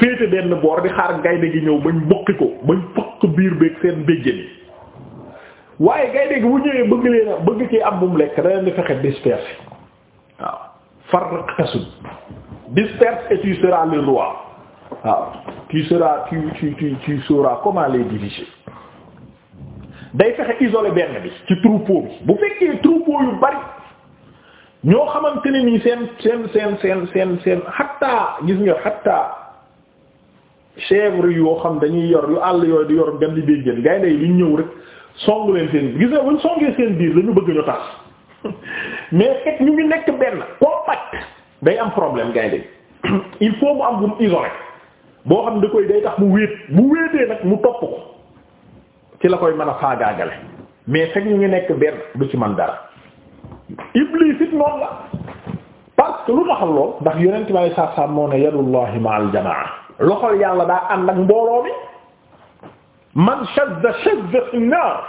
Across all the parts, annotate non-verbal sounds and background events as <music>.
féete benn boor di xaar gaynde gi ñëw bañ mboqi ko bañ fëq biir beeg seen béjjën yi waaye gaynde gi bu ñëwee bëgg leen a bëgg ci am bu mu lekk da fexe disperser waaw farraq tasud disperse et tu seras le roi waaw tu seras tu tu day fexe isolé benn bi ci troupeau bi bu fekkee troupeau yu bari ñoo xamante ne nii seen seen seen seen seen seen xatta gis nga xatta chèvre yoo xam dañuy yor yu àll yooyu di yor gan di béjjén gaynde yi liñ ñëw rek songu leen seen biir gis nga buñ songee seen dañu bëgg ñu tas <laughs> mais fekk ñu ngi nekk benn compact day am problème gaynde <clears throat> il faut mu am bu mu isolé boo xam da koy day tax mu wéet bu wéetee nag mu topp ko ci la koy mën a faagaagale mais fekk ñu ngi nekk benn du ci man dara iblis it noonu la parce que lu taxal lool ndax yonent bi sallallahu alayhi wasallam moo ne yadullahi ma'al jamaa loxol yàlla daa ànd ak mbooloo mi man shadda shadda fi naar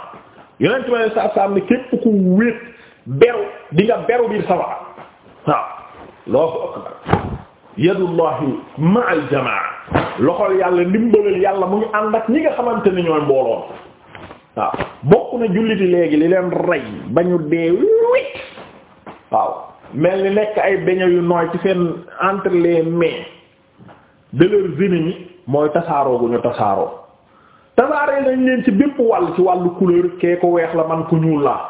yonent ma saa saa am ne képp ku wéet beru di beru biir sawara waaw Allahu akbar yadullahi ma'al jamaa loxol yàlla ndimbalal yàlla mu ngi ànd ak ñi nga xamante ni ñooy mbooloo waaw bokk na julliti léegi li leen rey ba ñu dee wit waaw mel ni nekk ay beñe yu nooy ci seen entre les mains de leurs ennemis mooy tasaaroo gu ñu tasaaroo tasaaree nañ leen ci bépp wàll ci wàllu couleur kee ko weex la man ku ñuul laa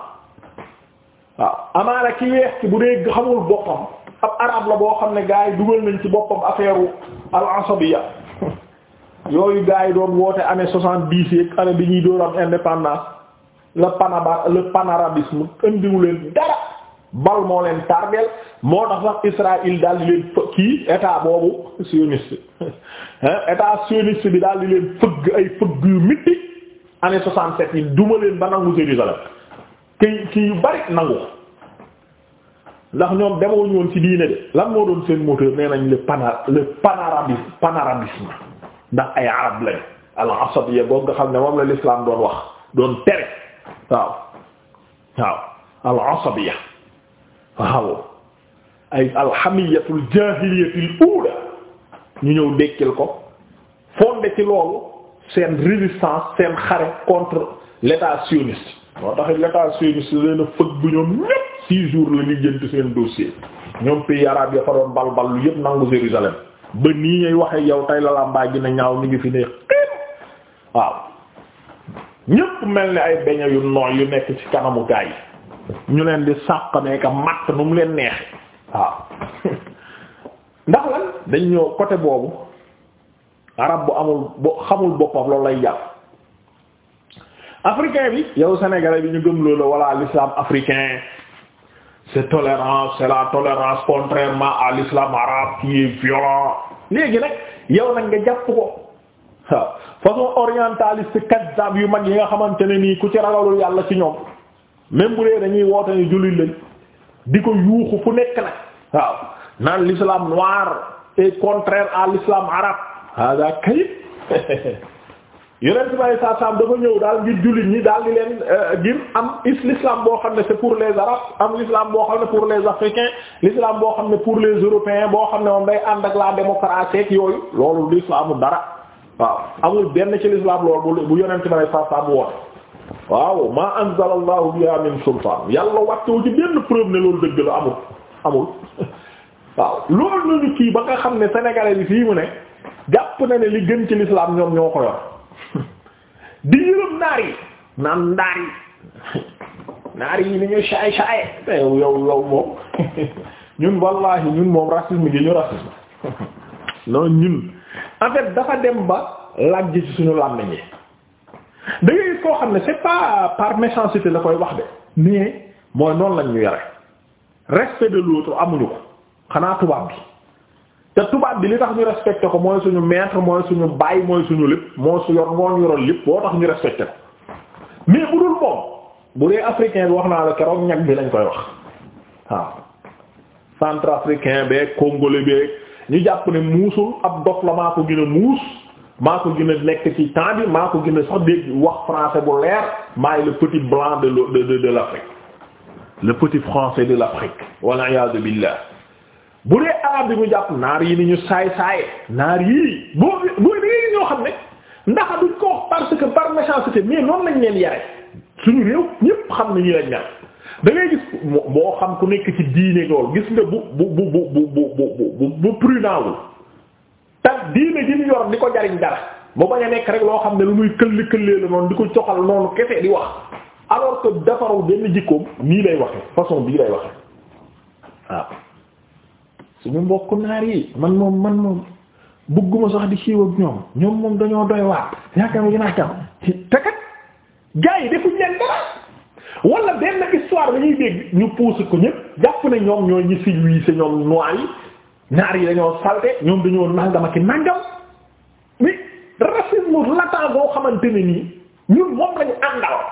waaw amaana ki weex ki bu dee xamul boppam ab arab la boo xam ne gaa yi dugal nañ ci boppam affaire al asabiya <laughs> yooyu gaa yi doon woote année soixante-dix yeeg année bi ñuy door am indépendance le panaba le panarabisme indiwu leen bal moo leen tardeel moo tax sax Israël dal di leen fë kii état boobu sioniste <laughs> état sioniste bi daal di leen fëgg ay fëgg yu mitti année 67 yi duma leen ba nangu Jérusalem kii kii yu bari nangu ndax ñoom demoo ñu woon ci diine de lan moo doon seen moteur nee nañ le pana le panarabisme panarabisme ndax ay arab lañ al asabiyya boobu nga xam ne moom la l'islam doon wax doon tere waaw waaw al asabiyya waaw ay alxamiyatul jaahiliyatil uula ñu ñëw dekkil ko fondé ci loolu seen résistance seen xare contre l'état sioniste moo tax l'état sioniste leen a fëgg bu ñoom ñépp six jours la ñuy jënt seen dossier ñoom pays arabe ya fa doon balbal lu yépp nangu Jérusalem ba nii ñuy waxee yow tey la làmbaay gi na ñaaw mi ngi fi ne waaw ñépp mel ni ay beñe yu nooy yu nekk ci kanamu yi ñu leen di sàq meeka matt nu mu leen neex waaw ndax lan dañ ñëw côté boobu arab bu amul bo xamul boppam loolu lay jàpp africain bi yow sénégalais bi ñu gëm loolu walla l'islam africain c'est tolérance c'est la tolérance contrairement à l'islam arabe violent léegi nag yow nag nga jàpp ko façon orientaliste kazzab yu mag yi nga xamante ne nii ku ci ragalul yàlla ci ñoom même bu dee dañuy woote ne jullit lañ di ko yuuxu fu nekk nag waaw naan l'islam noir est contraire à l'islam arabe hada kayit yeneen si may saa saam dafa ñëw daal ngir jullit ñi daal di leen euh, ngir am is l'islam boo xam ne c'est pour les arabes am l'islam boo xam ne pour les africains l'islam boo xam ne pour les européens boo xam ne moom day ànd ak la démocratie ak yooyu loolu l'islamu dara waaw amul benn ci l'islam loolu bu bu yonent bi sallallahu alayhi wasallam woote waaw ma anzala allahu biha sultaan yàlla wàccewu ci benn preuve ne loolu dëgg la amul amul <laughs> waaw loolu nañu kii ba nga xam ne sénégalais yi fii mu ne jàpp na ne li gën ci l'islam ñoom ñoo ko yor <laughs> di yërëm naar yi naan ndaar yi <laughs> naar yi ni ñu saay saay te eh, yow yow moom ñun wallahi ñun moom racisme gi ñu racisme non ñun en fait dafa dem ba lajj ci suñu làmmiñ da koo xam ne c'est pas par méchanceté la koy wax de mais mooy noonu lañ ñu yare respect de l'autre amuñu ko xanaa tubaab bi te tubaab bi li tax ñu respecté ko mooy suñu maître mooy suñu baay mooy suñu lépp moo su yor moo ñu yoroon lépp boo tax ñu respecté ko mais bu dul moom bu dee africain bi wax naa la keroog ñag bi lañ koy wax waaw centrafricain beeg congolais beeg ñu jàpp ne muusul ab dof la maa ko gën muus. maa ko gën a nekk ci temps maa ko gën a sax dégg wax français bu leer maay le petit blanc de de de l'Afrique le petit français de l'Afrique walla iyaadu billah bu dee arabe bi mu jàpp naar yi ni ñu saay saay naar yii boo boo dee ñoo xam ne ndax duñ ko wax parce que par méchanceté mais noonu lañ leen yare suñu réew ñépp xam ne ñu lañ mel da gis moo xam ku nekk ci diine lool gis nga bu bu bu bu bu bu bu prudent tax diine ji ñu yor di ko jariñ dara mu bañ a nekk rek loo xam ne lu muy këlli këllee la noonu di ko coxal noonu kese di wax alors que defaru benn jikkoom nii lay waxe façon bii lay waxe waaw suñu mbokk naar yi man moom man moom bugguma sax di siiw ak ñoom ñoom moom dañoo doy waar yaakaar naa tam te kat gaa yi defuñ leen dara wala benn histoire dañuy dégg ñu pousse ko ñëpp jàpp ne ñoom ñooy ñi civilisé ñoom noir yi ñaar yi dañoo salte ñoom dañoo nangam ak i nangam mais racisme latent boo xamante ne nii ñun moom lañu àndal <laughs>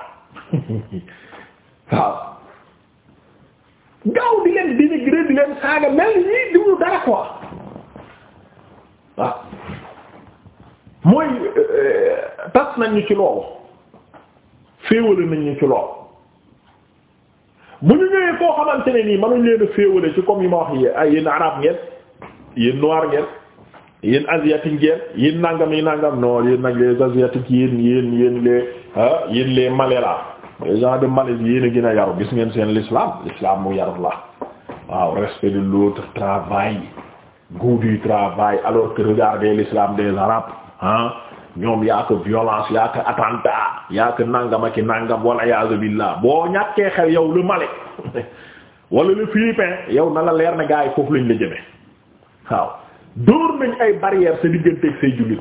waaw gaaw di leen dénigrer di leen saaga mel ñii di ñu dara quoi waaw mooy euh, tas nañ ñu ci loolu féewale nañ ci loolu bu ñu ñëwee koo xamante ne nii mënuñ leen féewale ci comme yi ma wax yi ay ngeen yéen noir ngeen yéen asiatique ngeen yéen nangam yi nangam non yéen nag les asiatiques yéen yéen yéen les ah yéen les malais là les de Malaisie yéen gis ngeen seen l'islam l'islam mu yaru la waaw respect de l'autre travail goût du travail alors que regardez l'islam des arabes ah ñoom yaa violence yaa ko attentat yaa ak nangam wala yaazu boo ñàkkee xel yow le Malais <laughs> wala le Philippin yow na la leer na gaa yi foofu lañ la jëmee. waaw dóor nañ ay barrière sa digganteeg say jullit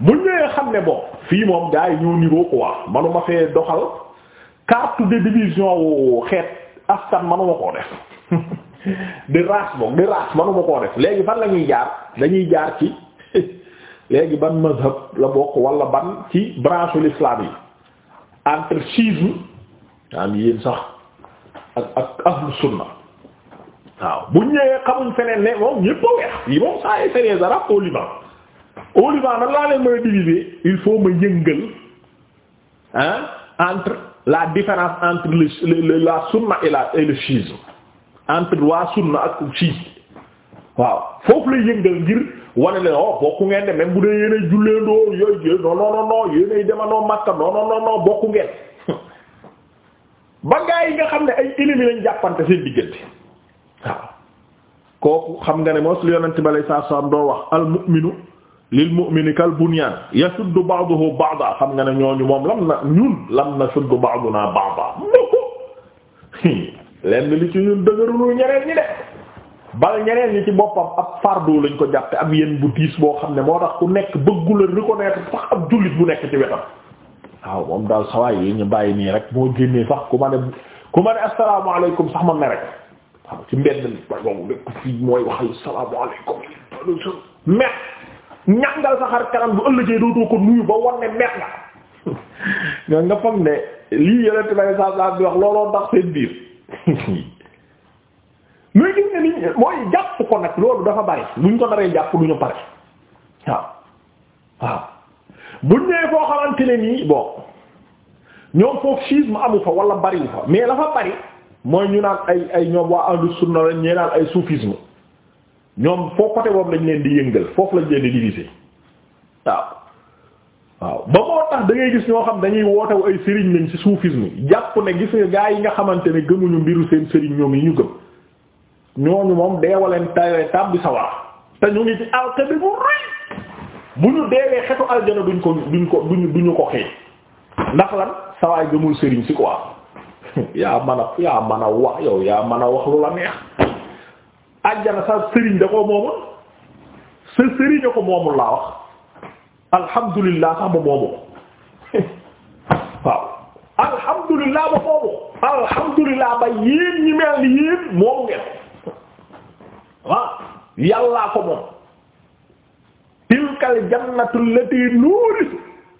bu ñëwee xam ne bon fii moom gars yi ñoo niroo quoi manuma fee doxal carte de division wu xeet askan manuma koo def <laughs> di race boog di race manuma koo def léegi ban la ñuy jaar dañuy jaar ci <laughs> léegi ban mazhab la bokk wala ban ci branche l'islam yi entre schisme am yéen sax ak ak ahlu sunna waaw bu ñëwee xamuñ feneen ne moom ñëpp a weex yi moom saa yi c'est les arabes au Liban au Liban nag laa leen may il faut ma yëngal ah entre la différence entre le la sunna et la et le entre waa sunna ak chiisme waaw foofu lay yëngal ngir wane leen oh bokku ngeen de même bu dee yéenay julleendoo yooyu non non non non Makka non non non bokku ngeen <laughs> ba gaa yi nga xam ne ay ennemis lañ jàppante seen waaw kooku xam nga ne mos li yonent bi saa saam doo wax al mu'minu lil mu'mini kal bunyan yashuddu ba'duhu ba'da xam nga ne ñooñu moom lam na ñun lam na shuddu ba'duna ba'da <laughs> lenn li ci ñun dëgërulu ñeneen ñi de bal ñeneen ñi ci boppam ab fardo lañ ko jàppe ab yenn bu diis boo xam ne moo tax ku nekk bëggula reconnaître sax ab jullit bu nekk ci wetam waaw moom daal sawaay yi ñu bàyyi nii rek moo génnee sax ku ma ne ku ma ne assalaamu alaykum sax ma waaw ci mbedd mi waaye boobu mooy waxal salaamaaleykum mer ñàngal sa xar kanam bu ëllëgee dootoo ko nuyu ba wan ne mer nga nga <laughs> nga foog ne lii yonent bay saab bi wax looloo ndax seen biir <laughs> mooy jàpp ko nag loolu dafa bari buñ ko naree jàpp duñu pare waaw waaw buñ ñëwee foo xamante ne nii bon ñoom foofu schisme amu fa wala bariwu fa mais la fa bari mooy ñu naan ay ay ñoom waa ahlu sunna lañ ñee naan ay soufisme ñoom foo côté boobu lañ leen di yëngal foofu lañ leen di diviser waaw waaw ba moo tax da gis ñoo xam dañuy wootewu ay sëriñ lañ ci soufisme jàpp ne gis nga gaa yi nga xamante ne gëmuñu mbiru seen sëriñ ñoom yi ñu gëm ñooñu moom deewaleen tawee tàbbi sawara te ñu ngi ci alkade bu rëy bu ñu deewee xetu aljana duñ ko duñ ko duñ duñu ko xëy ndax lan sawaay gëmul sëriñ si quoi <laughs> yaa man a yaa man a wax yow yaa man a wax lu la neex àjjana sa sëriñ da koo moomul sa sëriñ da ko moomul laa wax alhamdulillah sax ba moomu <laughs> alhamdulillah ba moomu alhamdulillah ba yéen ñi mel ni ngeen waaw yàllaa ko moom tilkal jannatu allati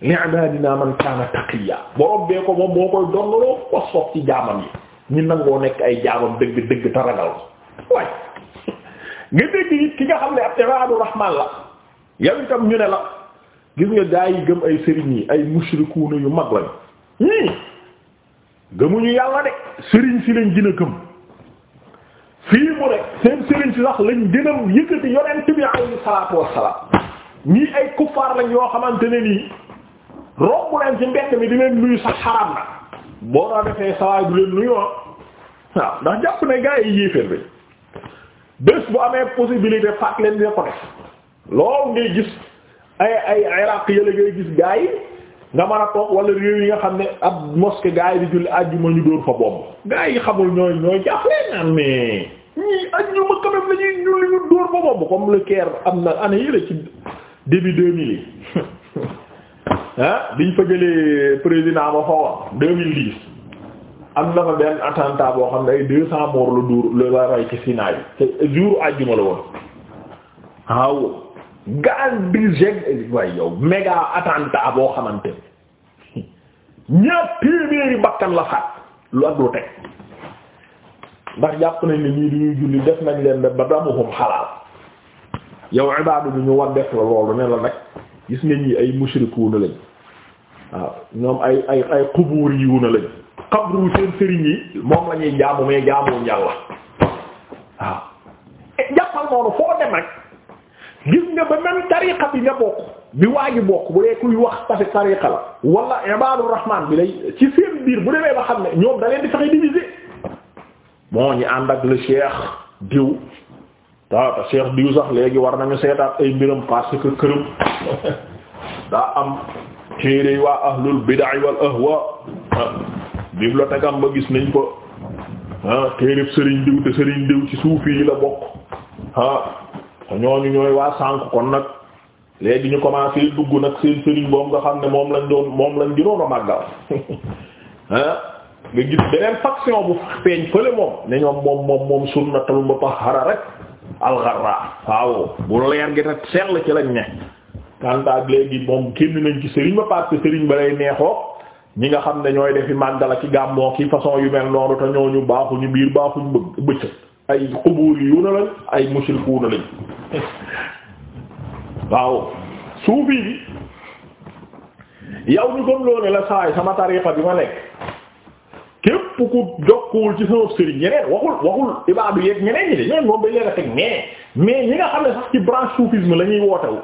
li'ibadina man kaana taqiya borom bee ko moom moo koy donnaloo ko sopp ci jaamam yi ñi nangoo nekk ay jaamam dëgg dëgg taragal waay <laughs> nga dégg nit ki nga xam ne ab ibaadu rahmaan la yow itam ñu ne la gis nga gaa yi gëm ay sëriñ yi ay mushrikuuna yu mag lañu ñii gëmuñu yàlla de sëriñ si lañ gën a gëm fii mu ne seen sëriñ si sax lañ gën a yëkkati yonent salaatu wassalaam ñii ay kuffaar lañ yoo xamante ne nii romb leen ci mbett mi di leen nuyu sa xaraam na boo daa defee sawaay du leen nuyu ah. waaw ndax jàpp ne gaa yi yéeféer bi bés bu amee possibilité faat leen dina ko def loolu ngay gis ay ay iraq yële ngay gis gaa yi nga mën a toog wala réew yi nga xam ne ab mosquée gaa yi di julli àjjuma ñu dóor fa bomb gaa yi xamul ñooy ñooy jaaxle naan ah, mais ñii àjjuma quand lañuy ñu dóor fa bomb comme le Caire am na année yële ci début 2000 yi <laughs> ah biñ fa jëlee président ba fa woon 2010 am na fa benn attentat boo xam ne ay 200 morts la dóor la la rey ci Sinaay te jour àjjuma la woon waaw gaz jeg waaye yow méga attentat boo xamante ni ñaar téeméeri bakkan la faat lu ak lu teg ndax jàpp nañ ne ñii du ñuy julli def nañ leen ba damuhum xalaal yow ibaadu bi ñu war def la loolu ne la gis nga ñi ay mushrikuuna lañ waaw ñoom ay ay ay xubuur yi wuna lañ xabru seen sëriñ yi moom la ñuy jaamu mais jaamuwuñ yàlla waaw eh, jàppal noonu foo dem rek gis nga ba même tariqa bi nga bokk bi waa bokk bu dee kuy wax tafi tariqa la wala ibaadu rahmaan bi lay ci seen biir bu demee ba xam ne ñoom da leen di fexe diviser moo ñu ànd ak le cheikh diw waaw te Cheikh diw sax léegi war nañu seetaat ay mbiram parce que këram <laughs> daa am téere waa ahlul bid'a wal ahwa ah, bibliothèque am ba gis nañ ko ah téereb sëriñ diw te sëriñ diw ci suufi yi la bokk ah ñooñu ñooy waa sànq kon nag léegi ñu commencé dugg nag seen sëriñ boobu nga xam ne moom lañ doon moom lañ gënoon a màggal <laughs> ah, nga gis beneen faction bu feeñ fële moom ne ñoom moom moom moom sunnatul mutahhara rek alxarra waaw bu leer gi te sell ci lañ ne kantaak léegi moom kenn nañ ci sëriñ ba parce que sëriñ ba lay neexoo ñi nga xam ne ñooy def defi màggal ci gàmmoo ki façon yu mel noonu te ñooñu baaxuñu biir baaxuñu bë- bëccëg ay xubuur yu na lañ ay mushrikuuna lañ waaw suufi bi yow ñu gëm loo ne la saay sama tariixa bi ma nekk képp ku jokkuwul ci sama sëriñ ñeneen waxul waxul ibaadu yeeg ñeneen ñi de ñeneen moom ba leen a teg mais mais ñi nga xam ne sax ci branche soufisme la ñuy wootewu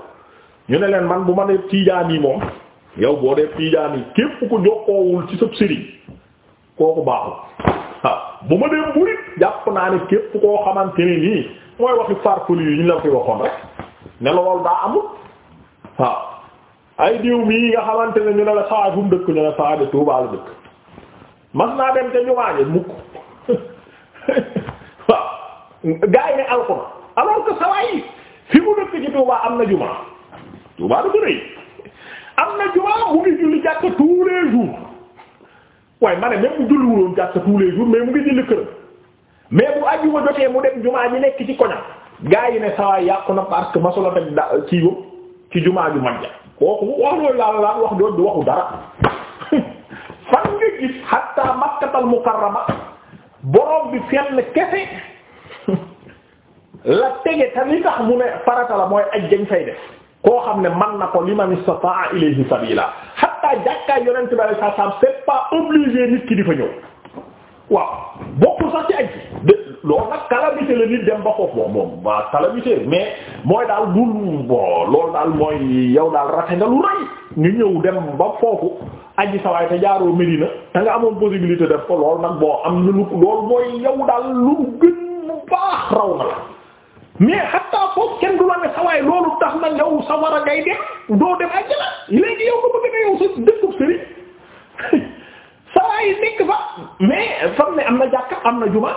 ñu ne leen man bu ma def tiijaan yi moom yow boo def tiijaan yi képp ku jokkoowul ci sa sëriñ kooku baaxul waaw bu ma dee murid jàpp naa ne képp koo xamante ni nii mooy waxi farfelu yi ñu la fi waxoon rek ne loolu daa amul waaw ay diw nga xamante ne ñu ne la sawaay bu mu dëkk ñu ne sawaay de Touba dëkk mas naa dem te jumaaje mukk <laughs> waaw gaa yi ne alxuraan alors que sawaay yi fi mu dëkk ci Touba am na jumaa Touba du bëre am na jumaa mu ngi julli jàkk tous les waaye ma ne mu julliwuloon jàkk tous les jours mais mu ngi julli kër mais bu àjjuma jotee mu dem jumaa ji nekk ci koñam gaa yi ne sawaay yàqu na parce que masula tam da- ci yóbbu ci jumaa ju mag ja kooku wax loolu laa la wax doon du waxu dara makkatal mukarrama borom bi fenn kese la tege te li mu ne farata la mooy aj dañ fay def koo xam ne man na ko liman istata'a ilayhi sabila hatta jàkkaay yonent bi alayhi salaam c'est pas obligé nit ki di fa ñëw waaw bokkul sax ci aj de loolu nag calamité la nit dem ba foofu moom waa calamité mais mooy daal dul bon daal mooy yow daal rate nga lu rëy ñu ñëw dem ba foofu aji sawaay te jaaroo Medina da nga amoon possibilité def ko lool nag boo am lu loolu mooy yow daal lu gën mu baax raw na la mais xatta foofu kenn du la ne sawaay loolu tax na yow sawara ngay dem doo dem àjjana léegi yow ko bëgg na yow sa dëkkub sëriñ <laughs> sawaay nekk fa mais fam ne am na jàkka am na juma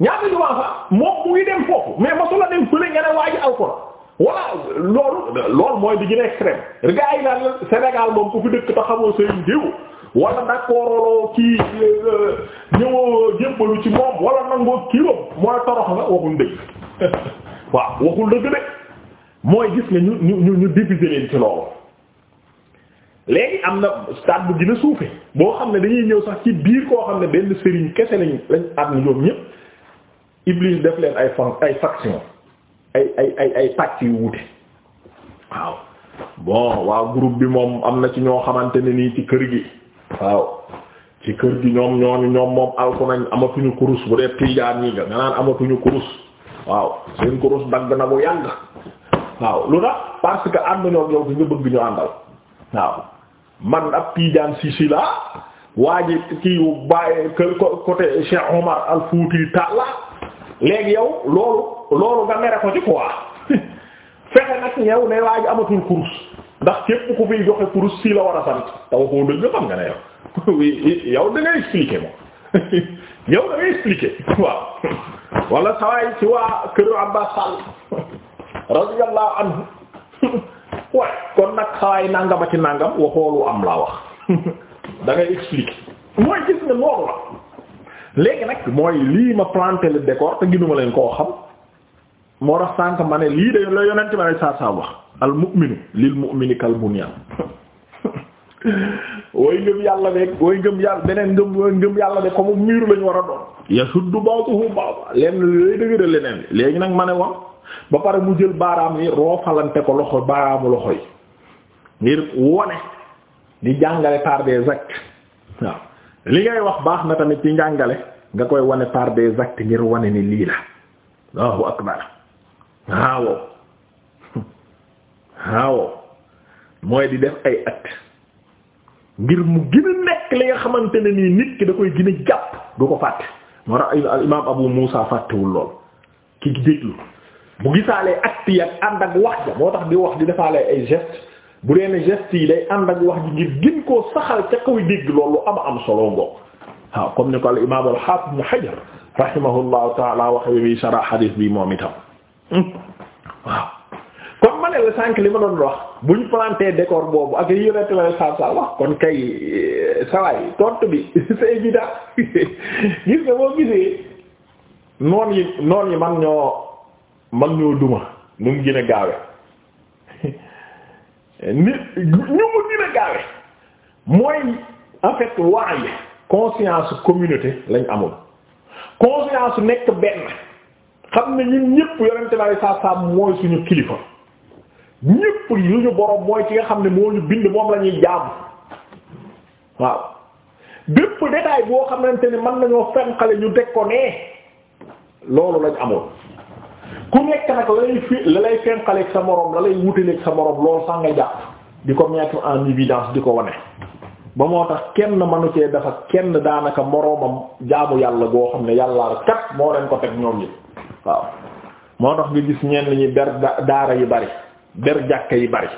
ñaata juma fa moom mu dem foofu mais mosu la dem fële nga ne waa ji voilà loolu lool mooy di gën a extrême gars yi naan Sénégal moom ku fi dëkk ta xamoo sëriñ diw wala d'accord kii euh, ñëwoo jébbalu ci moom wala nangoo kii moom mooy torox nga waxuñ dëgg <laughs> waaw waxul dëgg de mooy gis nga ñu ñu ñu ñu diviser leen ci loolu léegi am na stade bu gën a boo xam ne dañuy ñëw sax ci biir koo xam ne benn sëriñ kese lañ lañ am ñoom ñëpp Iblis def leen ay fan ay faction ay ay ay ay pàcc yu wuute waaw bon waa groupe bi moom am na ci ñoo xamante ne nii ci kër gi waaw ci kër gi ñoom ñooñu ñoom moom alku amatuñu kurus bu dee tiijaan yi nga nga naan amatuñu kurus waaw seen kurus dagg na bu yàgg waaw lu tax parce que ànd ñoo yow nga bëgg ñu àndal waaw man ab tiijaan si si laa waa ji kii bàyyi côté Cheikh Omar al Fouti Talla léegi yow loolu loolu nga mere ko ci quoi <laughs> fexe nag yow ne waa ji amatul kurus ndax képp ku fiy joxe kurus si la war a sant taw koo dëgg xam nga ne yow <laughs> yow da expliquer moom <laughs> yow da expliquer waa këru Abbas Sall radiyallahu anhu waaye kon nag sawaay nangam a ci nangam waxoolu am laa wax da expliquer mooy gis nga noonu la léegi nag mooy lii ma planter le décor te ginuma leen koo xam moo tax sànk ma ne lii de la yonent ma ne saa saa wax al mu'minu lil mu'mini kal <laughs> yàlla de way ngëm yàlla beneen ngëm way ngëm yàlla de lañu war a doon yasuddu ba'dahu ba'dan lenn lay dëgëral leneen bi léegi nag ma ne wax ba pare mu jël baaraam yi roofalante ko loxo baaraamu loxo yi ngir wone di jàngale par des actes waaw li ngay wax baax na tamit ci njàngale nga koy wane par des actes ngir wane ni lii la Allahu akbar waaw waaw mooy di def ay at ngir mu gën a nekk li nga xamante ne nii nit ki da koy gën a jàpp du ko fàtte moo tax al Abu Muusa fàttewul lool ki déglu bu gisaalee acte yi ak ànd ak wax moo tax di wax di defaale ay geste bu dee ne geste yi day ànd ak wax ji ngir gën ko saxal ca koy dégg loolu am am solo ngoo waaw comme ni ko al imaam al Haafiz Ibn Hajar rahimahullahu taala waxe bi sharah hadith bi moom itam Hmm. waaw kon ma ne la sànq li ma doon wax bu ñu planté décor boobu ak yi yonent la saa saa wax kon kay eh, sawaay tontu bi <laughs> c'est évident <laughs> gis nga boo gisee noon yi noon yi man ñoo man ñoo duma nu mu gën a gaawe <laughs> ni ñu mu gën a gaawe mooy en waaye conscience communauté lañ amul conscience nekk benn xam ne ñun ñëpp yonente bari saa saam mooy suñu kilifa ñëpp suñu borom mooy ci nga xam ne moo ñu bind moom la ñuy jaamu waaw bépp détail boo xamante ne man nañoo fenqale ñu teg ko nee loolu lañ amoon ku nekk nag la lay fi la lay fenqaleeg sa moroom la lay wutaleeg sa moroom loolu sax nga jàpp di ko mettre en évidence di ko wane ba moo tax kenn manu cee dafa kenn daanaka moroomam jaamu yàlla boo xam ne yàlla kat moo leen ko teg ñoom ñi waaw moo tax nga gis ñenn ñi ber daara yi bari ber jàkka yi bari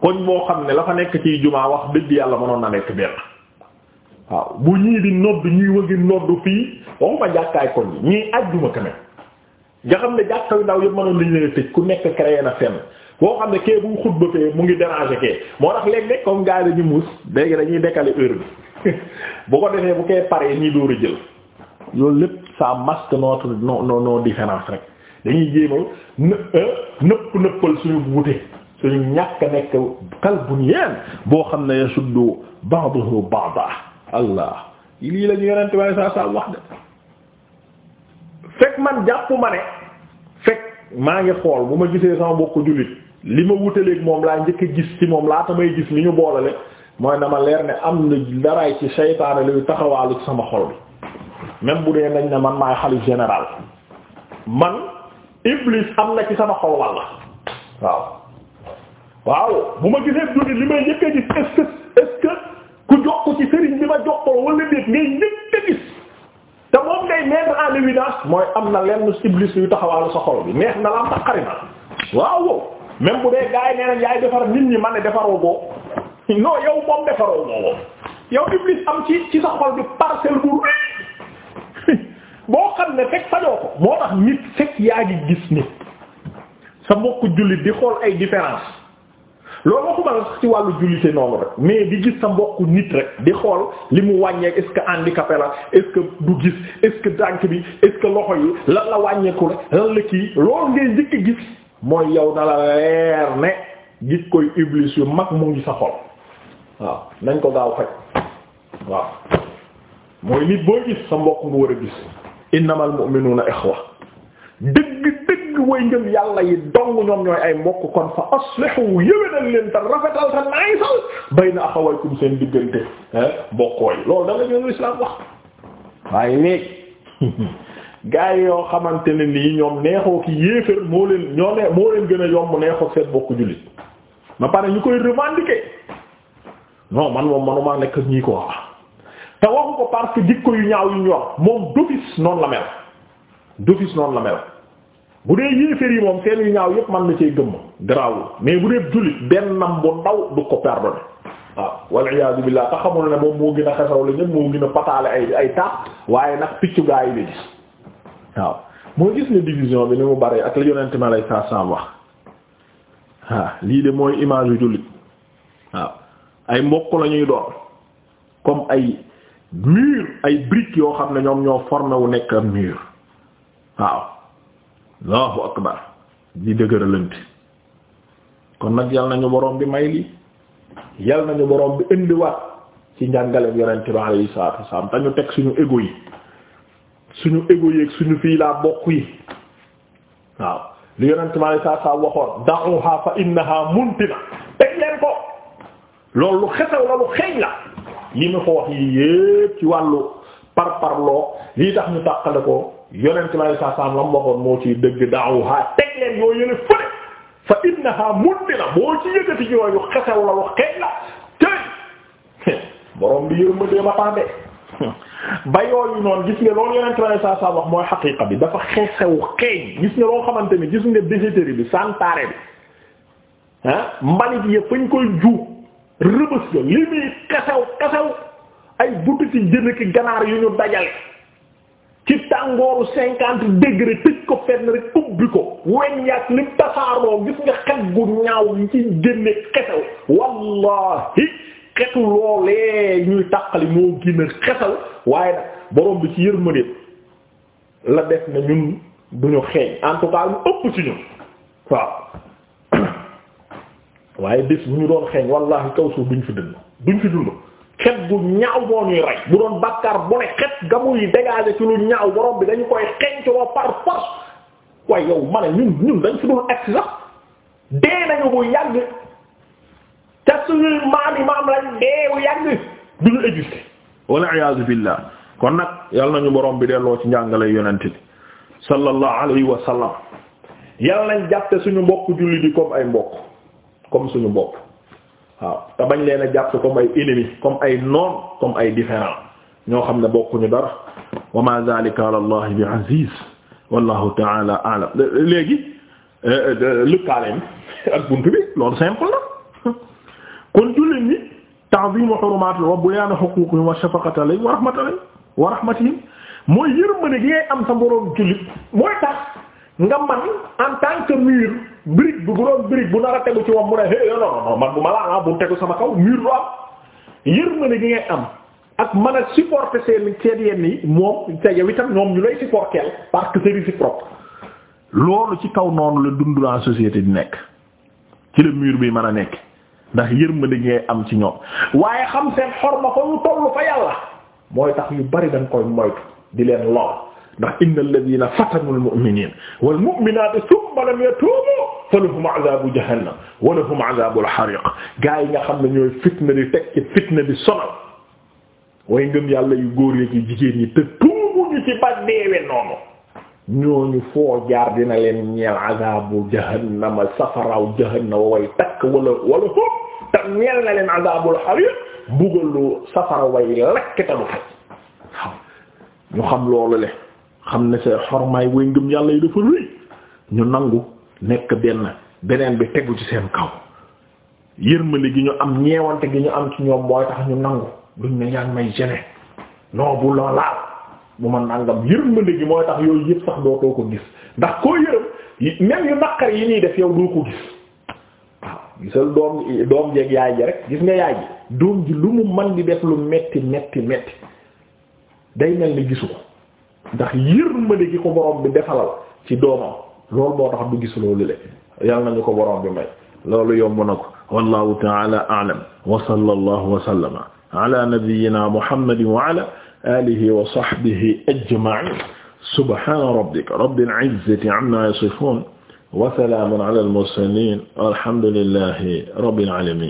koñ boo xam ne la fa nekk ci jumaa wax dëgg yàlla mënoon na nekk benn waaw bu ñii di nodd ñuy wëggi nodd fii waxuma jàkkaay koñ yi ñii àjjuma quand nga xam ne jàkka yu ndaw yëpp mënoon lañu leen tëj ku nekk créé na fenn boo xam ne kee bu xutba mu ngi déranger kee moo tax léeg-léeg comme gars yi dañuy muus léegi dañuy décaler heure bi <laughs> bu ko defee bu koy paree ñii dóor a jël loolu lépp ça masque notre noo nos nos différences rek dañuy jéema euh, nëpp nëppal suñu wute suñu ñàkk nekk kal bunyaan boo xam ne yasuddu ba'dahu ba'da allah lii la ñu yonente waaye saa saa wax de fekk man jàpp ma ne fekk maa ngi xool bu ma gisee sama bokk jullit li ma wutaleeg moom laa njëkk a gis ci moom laata may gis li ñu boolale mooy na ma leer ne am na daraay ci seytaane luy taxawaalu ci sama xol bi même bu dee nañ ne man maay xalif général man iblis am na ci sama xol walla waaw waaw bu ma gisee jullit li may njëkk gis ma jokkoo wala déet ngay njëkk a te moom ngay mettre en évidence mooy am na lenn iblis yu taxawaalu sa xol bi neex na la am na waaw même bu dee gars yi nee yaay defar nit ñi man ne defaroo boo non yow moom defaroo boo yow iblis am ci ci sa xol bi parcelle bu boo xam ne fekk fajoo ko moo tax nit fekk yaa ngi gis nit sa mbokku jullit di xool ay différence loolu waxuma la sax ci wàllu jullite noonu rek mais di gis sa mbokku nit rek di xool li mu wàññeek est-ce que handicapé la du gis est-ce bi est loxo yi lan la wàññeeku la lan la kii loolu ngay njëkk a gis mooy yow na la leer ne gis koy iblis yu mag mu ngi sa xol waaw nañ ko gaaw faj waaw mooy nit boo gis sa mbokk nga war a gis innamal mu'minuuna ixwa dëgg dëgg way ngëm yàlla yi dong ñoom ñooy ay mbokk kon fa aslihu yëwénal leen te rafetal te naysal bayna axawaykum seen diggante mbokkoo loolu da nga ñoom lislaam wax waaye léegi <laughs> gaa yoo xamante ne nii ñoom neexoo ki yéefér moo leen ñoo ne moo leen gën a yomb neexoo seen bokk jullit ma pare ñu koy revendiquer non man moom manuma nekk ñii ko wax te waxu ko parce que yu ñaaw yu ñu wax moom d'office noonu la mel d'office noonu la mel bu dee yéeféer yi moom seen yu ñaaw yépp man na cee gëmm garaawul mais bu dee jullit benn nam ndaw du ko pardonné waaw wal iyaadu billaah te xamul ne moom moo gën a xesaw la ñëpp moo gën a pataale ay ay taat waaye nag piccu gaa yi la gis waaw moo gis ne division bi ni mu bare ak la yonent ma lay saa saam wax ah lii de mooy image yu jullit waaw ay mbokk la doon comme mur ay briques yoo xam ne ñoom ñoo formé wu nekk am mur waaw allahu akbar di dëgëralante kon nag yal nañu borom bi may lii yal nañu boroom bi indiwaat ci njàngaleem yonent bi alayhi salaatu wasalaam te teg suñu égo yi suñu égo yi ak suñu fii laa bokk yi waaw li yonent bi alayhi salaatu waxoon da'uha fa innaha muntina teg leen ko loolu lu xesew la lu xeeñ la yi ma ko wax yi yépp ci wàllu par parloo lii tax ñu tàqale ko yonent lay sa saam lam waxoon moo ci dëgg daawu teg leen yoo yële fële fa innaha mundina boo ci yëkkati yooyu xesew la wax xeeñ la tey <laughs> borom bi yërma dee ma tànde <laughs> ba yooyu noonu gis nga loolu yonent lay sa saam wax mooy xaqiiqa bi dafa xesew xeeñ gis nga loo xamante ni gis nga déchetterie bi santaare bi ah mbalit yi fañ koy juub rëbës la li muy kasaw kasaw ay butu ci jën ki ganaar yu ñu dajale ci tàngooru cinquante degré tëj ko fenn rek ubbi ko weñ yaak li tasaaroo gis nga xet gu ñaaw yi ci génne xesaw wallahi xetu loolee ñuy tàqali moo gën a waaye nag borom bi ci yërmandeem la def na ñun duñu xeeñ en tout ëpp ci ñun waaw waaye bés bu ñu doon xeeñ wallahi kaw suuf duñ fi dund duñ fi dund xet bu ñaaw moo ñuy bu doon bàkkaar bu xet ga muy dégager ci ñaaw borom bi dañu koy xeeñcoo par force waaye yow ma ñun ñun dañ fi dul agsi sax dee nañu bu yàgg ca suñuy maam yi maam lañ dee bu yàgg duñu exister walla iyaazu billaah kon nag yal nañu borom bi delloo ci njàngale yonent bi sallallahu alayhi wa sallam yal nañ jàppe suñu mbokk julli di comme ay mbokk comme suñu bopp waaw te bañ leen a jàpp comme ay ennemis comme ay noon comme ay différents ñoo xam ne bokkuñu dara wa ma zalika ala allah bi aziz wallahu taala alam léegi euh, euh, lëkkaaleen <laughs> ak bunt bi loolu simple la <laughs> kon jullit ñi ta'zimu hurumaati wa bayaanu huquuqihim wa shafaqati alayhim wa rahmati wa rahmatihim mooy yërmande gi ngay am sa boroom jullit mooy tax nga man en tant que mur brique bi bu doon brique bu nar a tegu ci wam mu ne hé non non man ma ah, gi ngay am ak mën a supporter seen seen yenn yi moom te yow itam ñoom ñu lay supporter parce que c'est loolu ci kaw noonu la dund dans société di nekk ci la mur bi mën a nekk ndax yërmande gi ngay am ci ñoom waaye xam seen xorma ko ñu tollu fa yàlla mooy tax yu bari dañ koy moytu di leen lool ndax innal ladina fatanul mu'minina wal mu'minati thumma lam yatubu fa lahum azabu jahannam wa lahum azabu alxariq gaa yi nga xam ne ñooy fitna di teg ci fitna di sonal way ngëm yàlla yu góor yi ci jigéen ñi te tuubuñu ci ba deewe noonu ñooñu foo jaar dina leen ñeel azabu jahannama safaraw jahannama way takk wala wala foof te ñeel na leen azabul xariq bugalu safara way lakk te du fay waaw ñu xam loolu le xam ne sa xormaay way ngëm yàlla yi dafa rëy ñu nangu nekk benn beneen bi tegu ci seen kaw yërmali gi ñu am ñeewante gi ñu am ci ñoom mooy tax ñu nangu duñ ne yaa ngi may gêner non bu loo laal bu ma nangam yërmali gi mooy tax yooyu yëpp sax dootoo ko gis ndax def yow doo ko gis waaw doom doom jeeg yaay ji rek gis nga yaay ji doom ji lu mu man di def lu metti metti metti day mel ni gisu ko ndax yërmali gi ko borom bi defalal ci doomam loolu moo tax du gis loolu le yal nañu ko borom bi may loolu yomb na ko wallahu ta'ala a'lam wa sallallahu wa sallama ala nabiyyina muhammadin wa ala alihi wa sahbihi ajma'in subhana rabbika rabbil izzati amma yasifun wa salamun ala al mursalin walhamdulillahi rabbil alamin